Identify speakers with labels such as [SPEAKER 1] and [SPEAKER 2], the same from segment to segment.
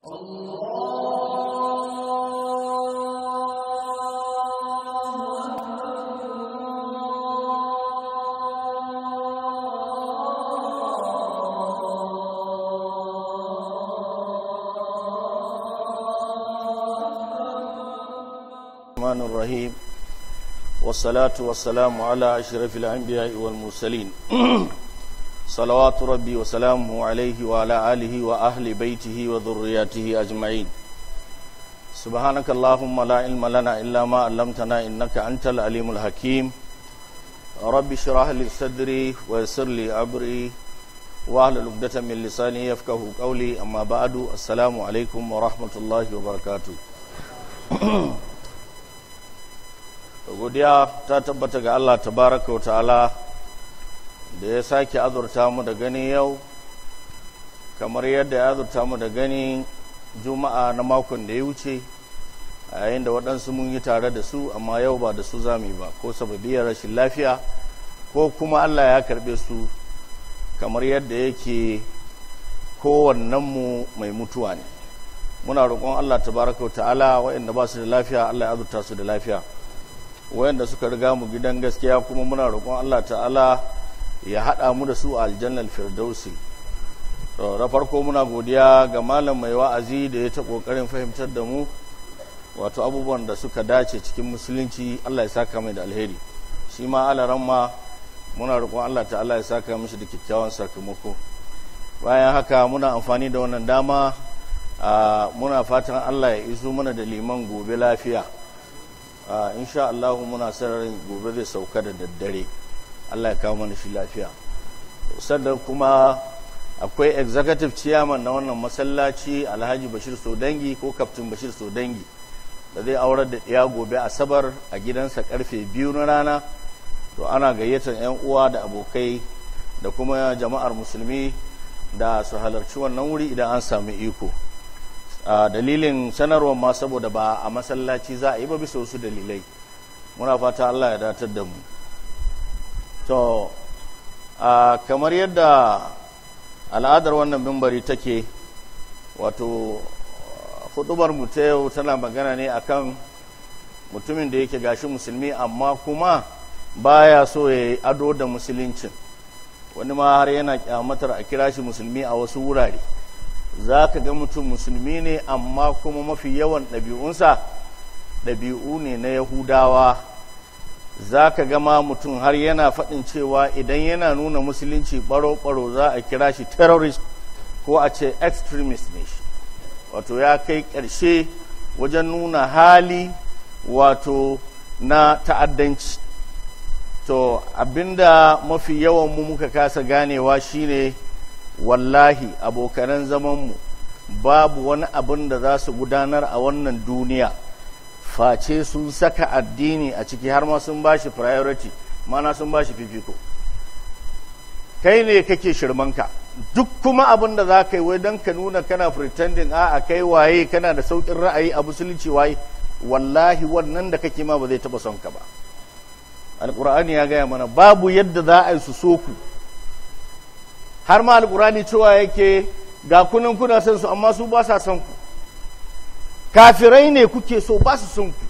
[SPEAKER 1] الرحمن الرحيم والصلاة والسلام على أشرف الأنبياء والمرسلين صلوات ربي وسلامه عليه وعلى آله وأهل بيته وذرياته أجمعين سبحانك اللهم لا علم لنا إلا ما علمتنا إنك أنت العليم الحكيم ربي اشرح لي صدري ويسر لي أمري واحلل عقدة من لساني يفقه قولي أما بعد السلام عليكم ورحمة الله وبركاته godiya ta tabbata ga Allah tabaraka wa ta'ala da ya sake azurta mu da gani yau kamar yadda ya azurta mu da gani juma'a na makon da ya wuce a yayin da waɗansu mun yi tare da su amma yau ba da su zami ba ko sababiyar rashin lafiya ko kuma allah ya karɓe su kamar yadda yake kowannenmu mai mutuwa ne muna roƙon allah tabaraka wa ta'ala waɗanda ba su da lafiya allah ya azurta su da lafiya waɗanda suka riga mu gidan gaskiya kuma muna roƙon allah ta'ala ya haɗa mu da su a aljannar firdausi da farko muna godiya ga malam mai wa'azi da ya ta kokarin fahimtar da mu wato abubuwan da suka dace cikin musulunci allah ya saka mai da alheri shi ma alaran ma muna roƙon allah ta allah ya saka mishi da kyakkyawan sakamako bayan haka muna amfani da wannan dama muna fatan allah ya iso mana da liman gobe lafiya insha allahu muna sararin gobe zai sauka da daddare Allah ya kawo mana shi lafiya sannan kuma akwai executive chairman na wannan masallaci alhaji bashir sodangi ko Captain bashir sodangi da zai aurar da ɗaya gobe asabar a gidansa karfe biyu na rana to ana gayyatar 'yan uwa da abokai da kuma jama'ar musulmi da su halarci wannan wuri idan an sami iko a dalilin sanarwar ma saboda ba a masallaci za a yi ba bisa wasu dalilai muna fata allah ya datar da mu to a kamar yadda al'adar wannan mimbari take wato hudubar mu ta yau tana magana ne akan mutumin da yake gashi musulmi amma kuma baya so ya yi ado da musuluncin wani ma har yana kyamatar a kira shi musulmi a wasu wurare za ka ga mutum musulmi ne amma kuma mafi yawan ɗabi'unsa ɗabi'u ne na yahudawa za ka gama mutum har yana faɗin cewa idan yana nuna musulunci ɓaro-ɓaro za a kira shi terrorist ko a ce extremist ne shi wato ya kai ƙarshe wajen nuna hali wato na ta'addanci to abinda mafi yawan mu muka kasa ganewa shine wallahi abokanan zamanmu babu wani abin da za su gudanar a wannan duniya face sun saka addini a ciki har ma sun ba shi priority mana sun ba shi fifiko kai ne kake shirmanka duk kuma abin da za ka yi wai don ka nuna kana pretending a kai waye kana da saukin ra'ayi a musulunci waye wallahi wannan da kake ma ba zai taba son ka ba alkur'ani ya gaya mana babu yadda za a yi su so ku har ma alkur'ani cewa yake ga kunan kuna son su amma su ba sa son ku kafirai ne kuke so ba su sun ku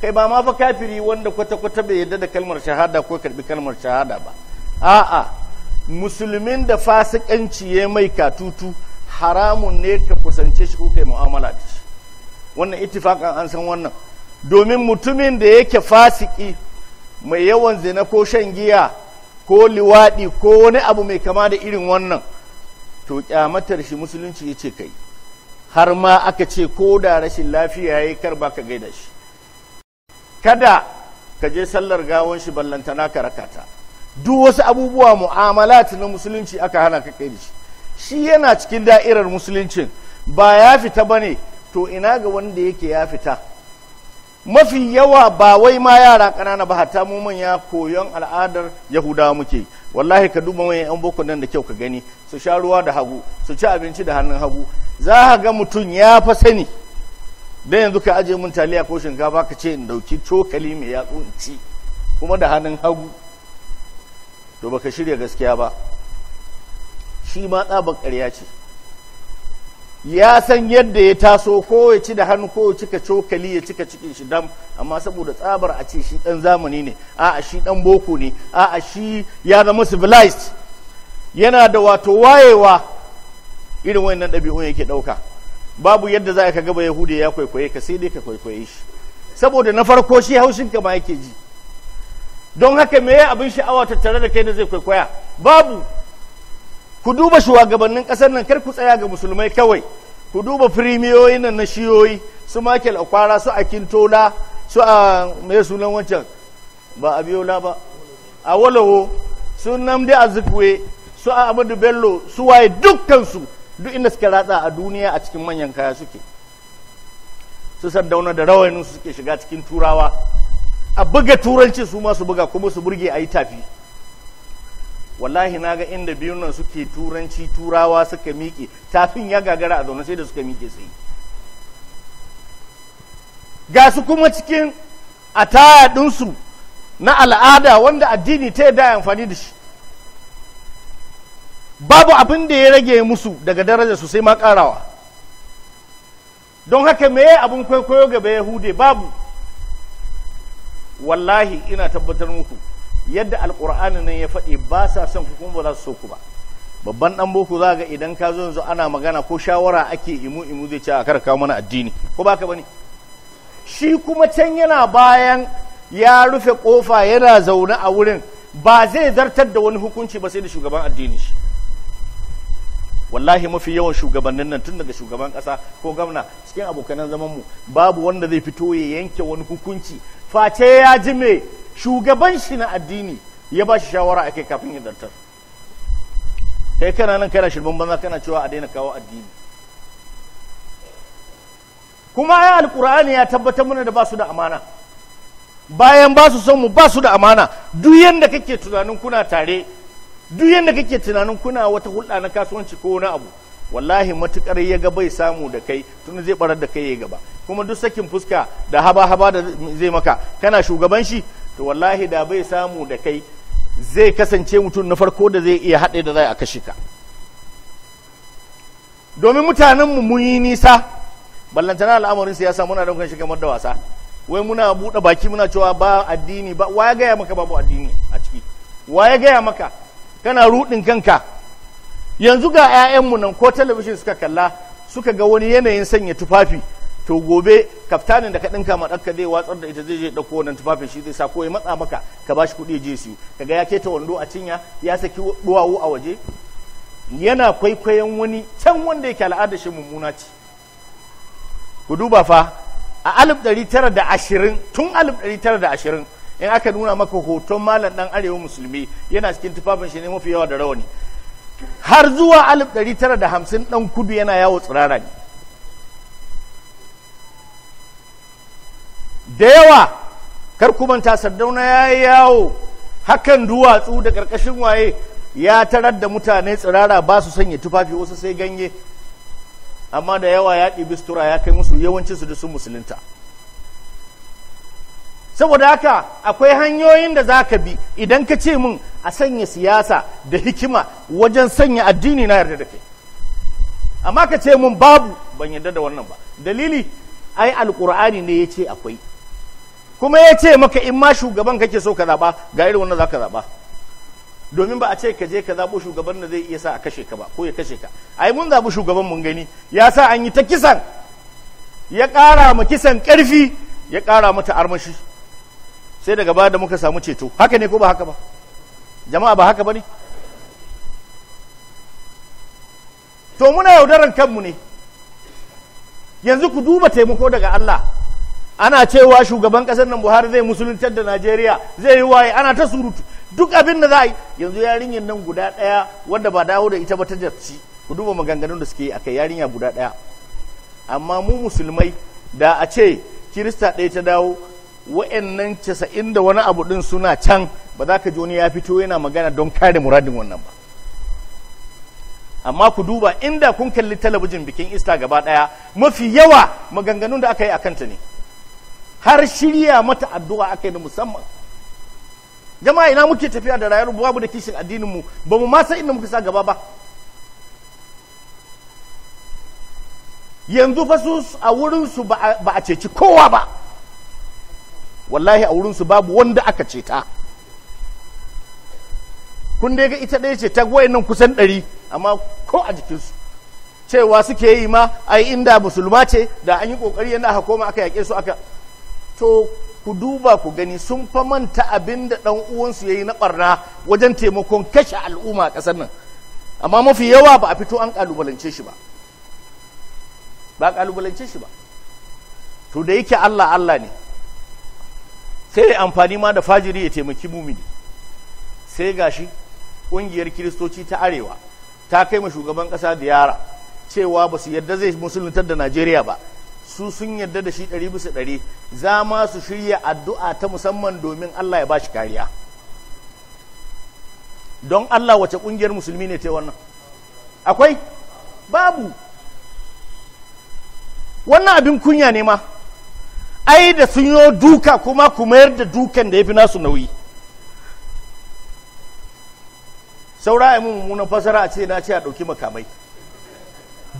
[SPEAKER 1] kai ba ma fa kafiri wanda kwata-kwata bai yarda da kalmar shahada ko karbi kalmar shahada ba a'a musulmin da fasikanci ya mai katutu haramun ne ka kusance shi ko kai mu'amala da shi wannan ittifakan an san wannan domin mutumin da yake fasiki mai yawan zina ko shan giya ko liwaɗi ko wani abu mai kama da irin wannan to kyamatar shi musulunci yace ce kai har ma aka ce ko da rashin lafiya yayi kar ba ka gaida shi kada ka je sallar gawon shi ballantana ka rakata duk wasu abubuwa mu'amalat na musulunci aka hana ka kai shi shi yana cikin da'irar musulunci ba ya fita ba ne to ina ga wanda yake ya fita mafi yawa ba wai ma yara ƙanana ba hatta mu manya koyon al'adar yahudawa muke wallahi ka duba wani yan boko nan da kyau ka gani su sha ruwa da hagu su ci abinci da hannun hagu za ka ga mutum ya fa sani dan yanzu ka ajiye mun taliya ko shinkafa ka ce in dauki cokali mai yatsu in kuma da hannun hagu to baka shirya gaskiya ba shi ma tsabar karya ce ya san yadda ya taso ko ya ci da hannu ko ya cika cokali ya cika cikin shi dam amma saboda tsabar a ce shi dan zamani ne a'a shi dan boko ne a'a shi ya zama civilized yana da wato wayewa irin wannan ɗabi'un yake ɗauka babu yadda za ka gaba yahudi ya kwaikwaye ka sai dai ka kwaikwaye shi saboda na farko shi haushin ka ma yake ji don haka me abin sha'awa tattare da kai da zai kwaikwaya babu ku duba shugabannin ƙasar nan kar ku tsaya ga musulmai kawai ku duba firimiyoyi nan na shiyoyi su makil akwara su Akintola su a ah, mai sunan wancan ba a biyo ba a walawo su Namdi Azikwe su a Amadu Bello su waye dukkansu duk inda suke ratsa a duniya a cikin manyan kaya suke su saddauna da rawanin su suke shiga cikin turawa a buga turanci su ma su buga kuma su burge a yi tafi wallahi na ga inda biyun nan suke turanci turawa suka miƙe tafin ya gagara a zaune sai da suka miƙe sai ga su kuma cikin a ɗinsu na al'ada wanda addini ta yadda amfani da shi babu abin da ya rage musu daga daraja su sai ma ƙarawa don haka meye abin kwaikwayo gaba yahude babu wallahi ina tabbatar muku yadda alƙur'ani nan ya faɗi ba sa son ku kuma ba za su so ku ba babban dan boko za ga idan ka zo yanzu ana magana ko shawara ake imu imu zai ce a kar kawo mana addini ko baka bane shi kuma can yana bayan ya rufe kofa yana zaune a wurin ba zai zartar da wani hukunci ba sai da shugaban addini shi wallahi mafi yawan shugabannin nan tun daga shugaban kasa ko gwamna cikin abokanan zaman mu babu wanda zai fito ya yanke wani hukunci face ya ji me shugaban shi na addini ya ba shi shawara ake kafin ya dantar kai kana nan kana shirban banza kana cewa a daina kawo addini kuma ya alkur'ani ya tabbatar mana da ba su da amana bayan ba son mu ba da amana duk yanda kake tunanin kuna tare duk yanda kake tunanin kuna wata hulɗa na kasuwanci ko wani abu wallahi matukar ya ga bai samu da kai tun zai barar da kai ya gaba kuma duk sakin fuska da haba haba da zai maka kana shugaban shi to wallahi da bai samu da kai zai kasance mutum na farko da zai iya haɗe da zai a kashe ka domin mutanenmu mun yi nisa ballantana al'amarin siyasa muna daukan shi kamar da wasa wai muna buɗe baki muna cewa ba addini ba wa ya gaya maka babu addini a ciki wa ya gaya maka kana ruɗin kanka yanzu ga 'ya'yanmu nan ko talabishin suka kalla suka ga wani yanayin sanya tufafi to gobe kaftanin da ka dinka ma ɗanka zai watsar da ita zai je ɗauko wannan tufafin shi zai sa ko ya matsa maka ka bashi kuɗi ya je siyo kaga ya keta wando a cinya ya saki duwawu a waje yana kwaikwayon wani can wanda yake al'ada shi mummuna ce ku duba fa a ashirin tun ashirin in aka nuna maka hoton malam ɗan arewa musulmi yana cikin tufafin shi ne mafi yawa da rawani har zuwa alif ɗari tara da hamsin ɗan kudu yana yawo tsirara ne da yawa kar kuma ta sardauna ya yi yawo hakan duwatsu da karkashin waye ya tarar da mutane tsirara ba su sanya tufafi wasu sai ganye amma da yawa ya ɗi bistura ya kai musu yawancinsu da sun musulunta saboda haka akwai hanyoyin da za ka bi idan ka ce min a sanya siyasa da hikima wajen sanya addini na yarda da kai amma ka ce min babu ban yarda da wannan ba dalili ai alkur'ani ne ya ce akwai kuma ya ce maka in ma shugaban kake so ka zaba ga irin wannan za ka domin ba a ce ka je ka zabo shugaban da zai iya sa a kashe ka ba ko ya kashe ka ai mun zabi shugaban mun gani ya sa an yi ta kisan ya ƙara ma kisan ƙarfi ya ƙara mata armashi sai daga baya da muka samu ceto haka ne ko ba haka ba jama'a ba haka ba ne to muna yaudaran kanmu ne yanzu ku duba taimako daga Allah ana cewa shugaban kasar nan buhari zai musuluntar da najeriya zai yi waye ana ta surutu duk abin da za a yi yanzu yarinyar nan guda ɗaya wanda ba dawo da ita ba ta jarci ku duba maganganun da suke yi akai yarinya guda ɗaya amma mu musulmai da a ce kirista ɗaya ta dawo wa'annan casa'in da wani abu ɗin suna can ba za ka ji wani ya fito yana magana don kare muradin wannan ba amma ku duba inda kun kalli talabijin bikin ista gaba ɗaya mafi yawa maganganun da aka yi a kanta ne har shirya mata addu'a aka yi na musamman jama'a ina muke tafiya da rayuwar babu da kishin addininmu ba mu ma san inda muka sa gaba ba yanzu fa su a wurinsu ba a ceci kowa ba wallahi a wurinsu babu wanda aka ceta kun dai ga ita ɗaya ce ta nan kusan ɗari amma ko a jikinsu cewa suke yi ma ai inda musulma ce da an yi ƙoƙari yana haƙoma aka yaƙe su aka to ku duba ku gani sun fa manta abin da ɗan uwansu ya yi na ɓarna wajen taimakon kashe al'umma a ƙasar nan amma mafi yawa ba a fito an ƙalubalance shi ba ba ƙalubalance shi ba to da yake Allah Allah ne sai amfani ma da fajiri ya taimaki mumini sai gashi ƙungiyar kiristoci ta arewa ta kai ma shugaban ƙasa da yara cewa ba su yarda zai musuluntar da najeriya ba su sun yarda da shi ɗari bisa ɗari za ma su shirya addu'a ta musamman domin Allah ya ba shi kariya don Allah wace ƙungiyar musulmi ne ta wannan akwai babu wannan abin kunya ne ma ai da sun yi duka kuma ku mayar da dukan da ya fi nasu nauyi saura ya mummunan fasara a ce na ce a ɗauki makamai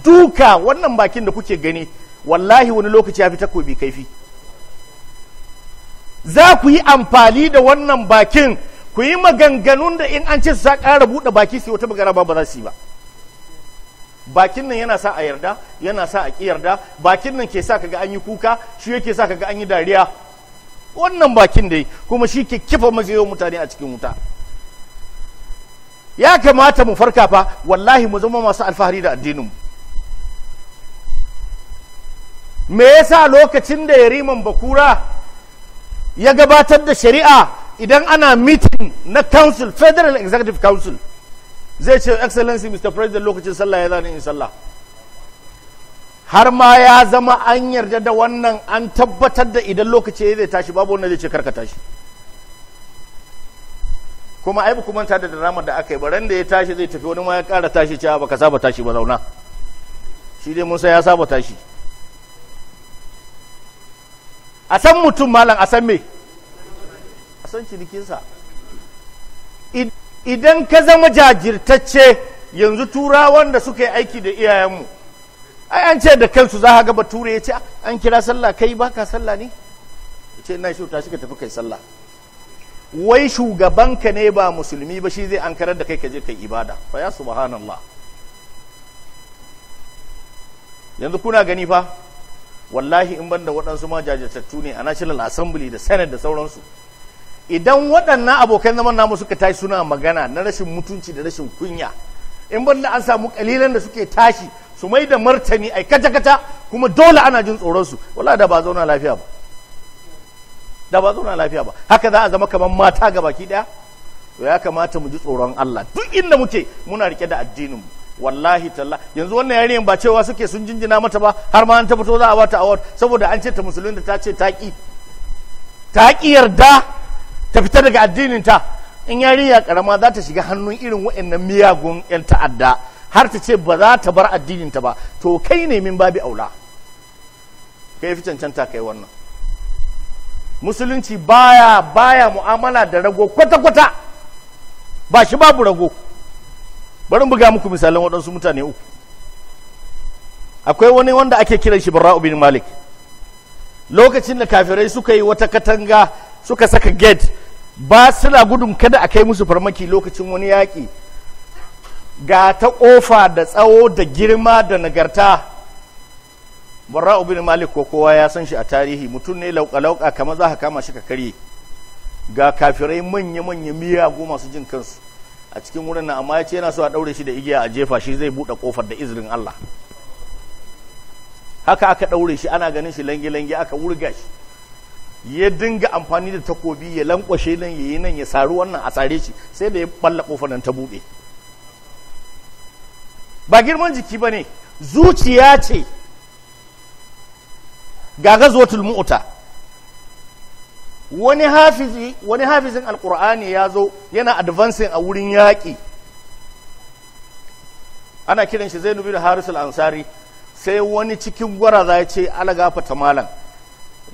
[SPEAKER 1] duka wannan bakin da kuke gani wallahi wani lokaci ya fi takobi kaifi za ku yi amfani da wannan bakin ku yi maganganun da in an ce sa ƙara buɗe baki sai wata magana ba za su yi ba bakin nan yana sa a yarda yana sa a ƙi bakin nan ke sa kaga an yi kuka shi yake sa kaga an yi dariya wannan bakin dai kuma shi ke kifa mazayo mutane a cikin wuta ya kamata mu farka fa wallahi mu zama masu alfahari da addininmu me yasa lokacin da yariman bakura ya gabatar da shari'a idan ana meeting na council federal executive council zai ce excellency mr president lokacin sallah ya zane in sallah har ma ya zama an yarda da wannan an tabbatar da idan lokaci zai tashi babu wannan zai ce karka tashi kuma ai kuma ta da dramar da aka yi baran da ya tashi zai tafi wani ma ya kara tashi cewa baka saba tashi ba zauna shi dai musa ya saba tashi a san mutum malam a san me a san cinikinsa idan ka zama jajirtacce yanzu turawan da suka yi aiki da iyayenmu ai an ce da kansu za ga bature ya ce ah, an kira sallah kai ba ka sallah ne ya ce na shuta shi ka tafi kai sallah wai shugabanka ne ba musulmi ba shi zai ankarar karar da kai ka je kai ibada fa ya subhanallah yanzu kuna gani fa wallahi in banda waɗansu ma jajirtattu ne a national assembly da senate da sauransu idan waɗannan abokan zaman namu suka tashi suna magana na rashin mutunci da rashin kunya in banda an samu kalilan da suke tashi su mai da martani ai kata kata kuma dole ana jin tsoron su wallahi da ba zauna lafiya ba da ba zauna lafiya ba haka za a zama kamar mata ga baki daya ya kamata mu ji tsoron Allah duk inda muke muna rike da addinin mu wallahi talla yanzu wannan yarinyar ba cewa suke sun jinjina mata ba har ma an ta fito za a bata award saboda an ce ta musulmi da ta ce ta ki ta ki yarda ta fita daga addinin ta in yarinya karama za ta shiga hannun irin waɗannan miyagun yan ta'adda har ta ce ba za ta bar addinin ta ba to kai ne min babi aula kai fi cancanta kai wannan musulunci baya baya mu'amala da rago kwata kwata ba shi babu rago bari buga muku misalan waɗansu mutane uku akwai wani wanda ake kiran shi barra'u bin malik lokacin da kafirai suka yi wata katanga suka saka gate ba suna gudun kada a kai musu farmaki lokacin wani yaƙi ga ta ƙofa da tsawo da girma da nagarta barra'u bin malik ko kowa ya san shi a tarihi mutum ne lauka-lauka kamar za ka kama shi ka karye ga kafirai manya-manya miyagu masu jin kansu a cikin wurin nan amma ya ce yana so a ɗaure shi da igiya a jefa shi zai buɗe ƙofar da izinin Allah haka aka ɗaure shi ana ganin shi lange-lange aka wurga shi ya dinga amfani da takobi ya lankwashe nan ya yi nan ya sari wannan a sare shi sai da ya balla ƙofar nan ta buɗe ba girman jiki ba ne zuciya ce gagazotul mu'uta wani hafizi wani hafizin alkur'ani ya zo yana advancing a wurin yaƙi ana kiran shi zainubi da harisul ansari sai wani cikin gwara ya ce alagafata malam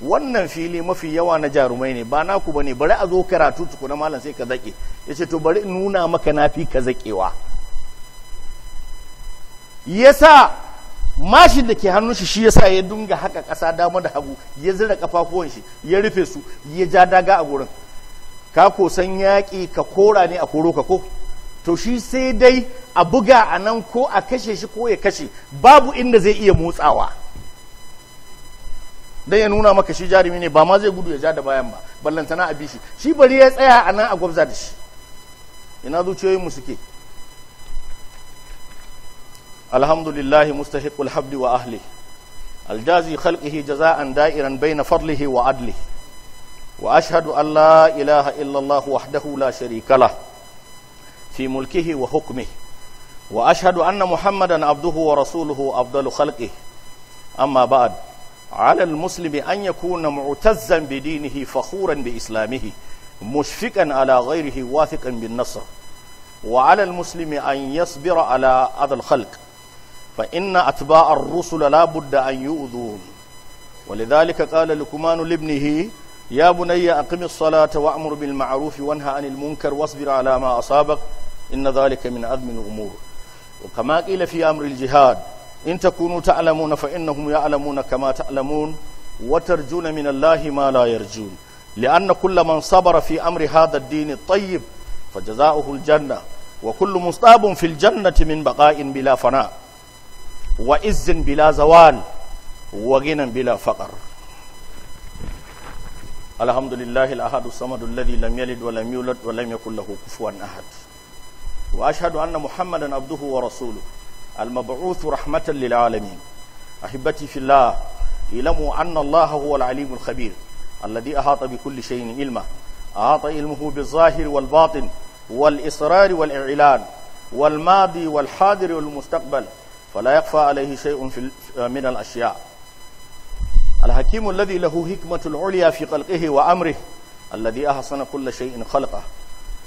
[SPEAKER 1] wannan fili mafi yawa na jarumai ne ba naku ne bari a zo karatu tuku na malam sai ka zaƙe ya ce to bari nuna maka nafi ka zakewa yasa mashin da ke hannun shi shi yasa ya dunga haka ƙasa dama da hagu ya zira kafafuwan shi ya rufe su ya ja daga a gurin ka ko san yaƙi ka kora ne a koro ka ko to shi sai dai a buga a nan ko a kashe shi ko ya kashe babu inda zai iya motsawa dan ya nuna maka shi jarumi ne ba ma zai gudu ya ja da bayan ba ballantana a bi shi shi bari ya tsaya a nan a gwabza da shi ina zuciyoyinmu suke الحمد لله مستحق الحمد وأهله الجازي خلقه جزاء دائرا بين فضله وعدله وأشهد أن لا إله إلا الله وحده لا شريك له في ملكه وحكمه وأشهد أن محمدا عبده ورسوله أفضل خلقه أما بعد على المسلم أن يكون معتزا بدينه فخورا بإسلامه مشفقا على غيره واثقا بالنصر وعلى المسلم أن يصبر على أذى الخلق فإن أتباع الرسل لا بد أن يؤذون ولذلك قال لقمان لابنه يا بني أقم الصلاة وأمر بالمعروف وانهى عن المنكر واصبر على ما أصابك إن ذلك من أذم الأمور وكما قيل في أمر الجهاد إن تكونوا تعلمون فإنهم يعلمون كما تعلمون وترجون من الله ما لا يرجون لأن كل من صبر في أمر هذا الدين الطيب فجزاؤه الجنة وكل مصاب في الجنة من بقاء بلا فناء wa izin bila zawan wa ginin bila faƙar alhamdulillahi al’adu samadun lalil lamyalid wa lamyulat wa lamya kullahu kufuwan ahad wa ashadu anna muhammadan abduhu wa rasulu almabu'uthu rahmatan lil alamin ahibati fillah ilamu anna allah huwa al-alimul khabir alladhi ahata bi kulli shay'in ilma ahata ilmuhu bi zahir wal batin wal israr wal i'lan wal madi wal hadir wal mustaqbal فلا يخفى عليه شيء في من الأشياء الحكيم الذي له حكمة العليا في خلقه وأمره الذي أحسن كل شيء خلقه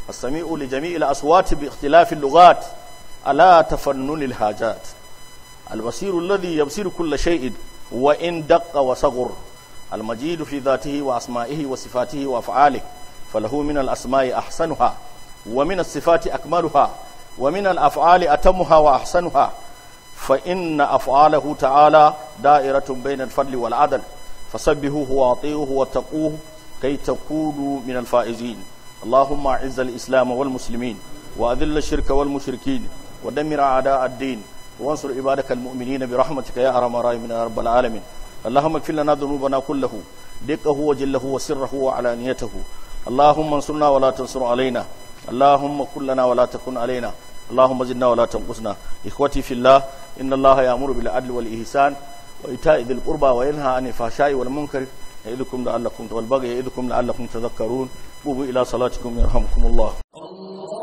[SPEAKER 1] السميع لجميع الأصوات باختلاف اللغات ألا تفنن الحاجات البصير الذي يبصر كل شيء وإن دق وصغر المجيد في ذاته وأسمائه وصفاته وأفعاله فله من الأسماء أحسنها ومن الصفات أكملها ومن الأفعال أتمها وأحسنها fa inna af'alahu ta'ala da'iratun bayna al-fadl wal 'adl fasabbihuhu wa atihuhu wa taquhu kay takunu min al-faizin allahumma a'izz islam wal muslimin wa adhill shirka wal mushrikeen wa dammir a'da' ad-din wa kan ibadak al-mu'minin bi rahmatika ya arhamar rahimin ya rabbal alamin allahumma fil lana dhunubana kullahu dikkahu wa jillahu wa sirruhu wa 'alaniyatuhu allahumma ansurna wa 'alaina اللهم كلنا ولا تكن علينا اللهم زدنا ولا تنقصنا إخوتي في الله إن الله يأمر بالعدل والإحسان وإيتاء ذي القربى وينهى عن الفحشاء والمنكر يعظكم لعلكم والبغي يعظكم لعلكم تذكرون قوموا إلى صلاتكم يرحمكم الله